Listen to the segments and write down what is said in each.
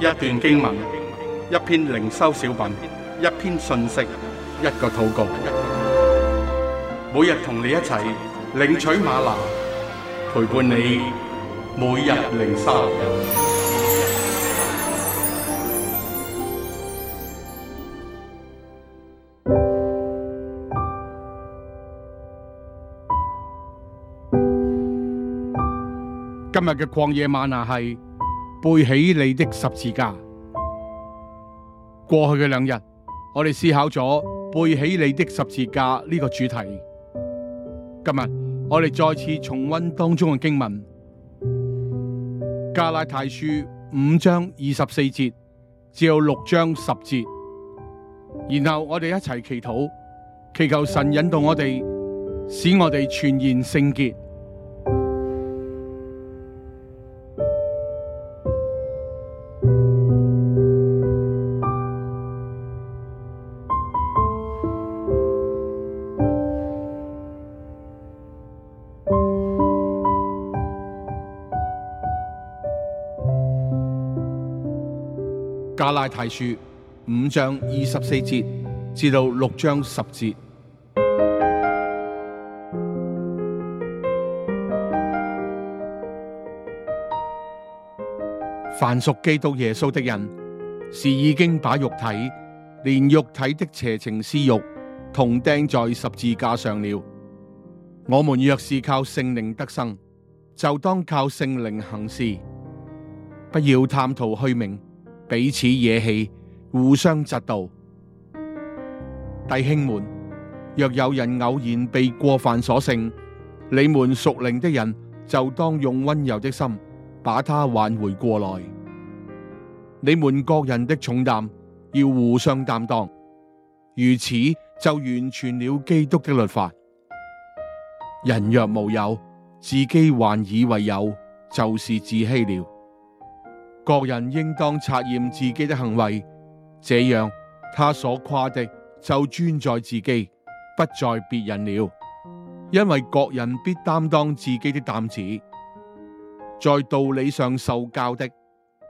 一段經文，一篇靈修小品，一篇信息，一個禱告。每日同你一齊領取嗎哪，陪伴你每日靈修。今日嘅曠野嗎哪係背起你的十字架。過去嘅兩日，我哋思考咗背起你的十字架呢個主題。今日我哋再次重溫當中嘅經文，加拉太書五章二十四節至六章十節。然後我哋一齊祈禱，祈求神引導我哋，使我哋全然聖潔。加拉太書五章二十四節至到六章十節。凡屬基督耶穌的人，是已經把肉體連肉體的邪情私欲同釘在十字架上了。我們若是靠聖靈得生，就當靠聖靈行事，不要貪圖虛名，彼此惹氣，互相嫉妒。弟兄們，若有人偶然被過犯所勝，你們屬靈的人就當用溫柔的心把他挽回過來。你們各人的重擔要互相擔當，如此就完全了基督的律法。人若無有，自己還以為有，就是自欺了。各人應當察驗自己的行為，這樣他所誇的就專在自己，不在別人了。因為各人必擔當自己的擔子。在道理上受教的，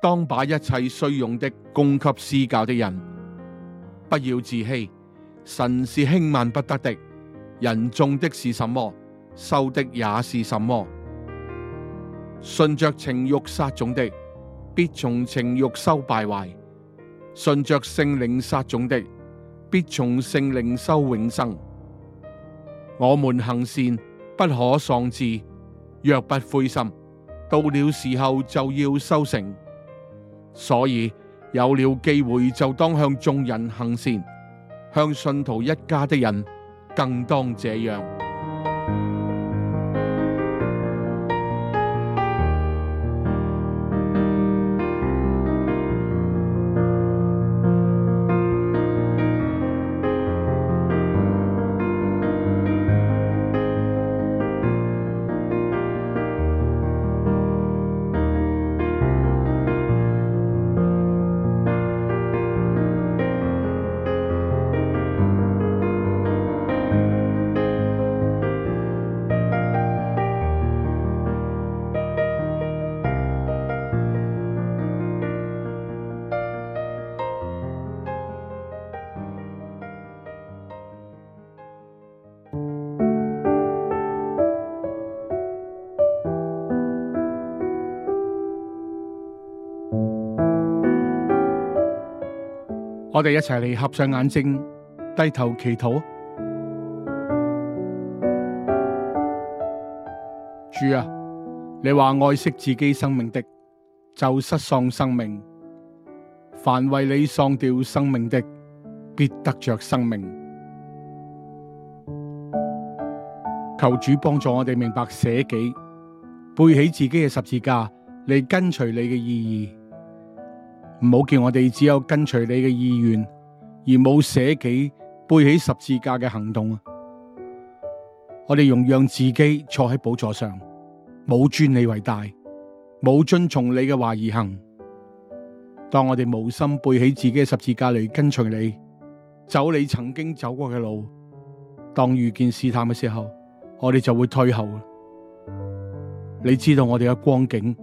當把一切需用的供給施教的人。不要自欺，神是輕慢不得的。人種的是什麼，收的也是什麼。順着情欲撒種的，必從情欲收敗壞，順着聖靈撒種的，必從聖靈收永生。我們行善不可喪志，若不灰心，到了時候就要收成。所以有了機會就當向眾人行善，向信徒一家的人更當這樣。我哋一齊嚟合上眼睛，低頭祈禱。主啊，你話愛惜自己生命的就失喪生命；凡為你喪掉生命的，必得着生命。求主幫助我哋明白捨己、背起自己嘅十字架，嚟跟隨你嘅意義。唔好叫我哋只有跟隨你嘅意願，而冇捨己背起十字架嘅行動啊！我哋容讓自己坐喺寶座上，冇尊你為大，冇遵從你嘅話而行。當我哋無心背起自己嘅十字架嚟跟隨你，走你曾經走過嘅路，當遇見試探嘅時候，我哋就會退後。你知道我哋嘅光景，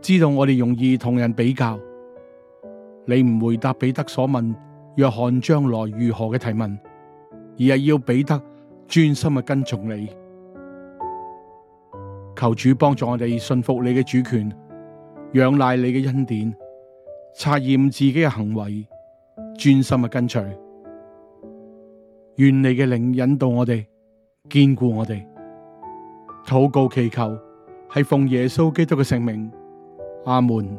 知道我哋容易同人比較。你唔回答彼得所問約翰將來如何嘅提問，而係要彼得專心去跟從你。求主幫助我哋信服你嘅主權，仰賴你嘅恩典，察驗自己嘅行為，專心去跟隨。願你嘅靈引導我哋，堅固我哋。禱告祈求，係奉耶穌基督嘅聖名。阿門。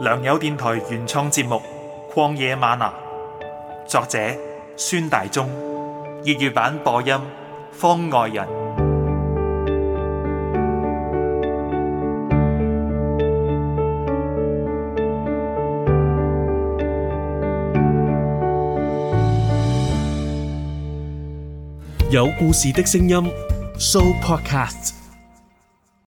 良友電台原創節目《曠野嗎哪》，作者孫大中，粵語版播音方外人，有故事的聲音，Soul Podcast。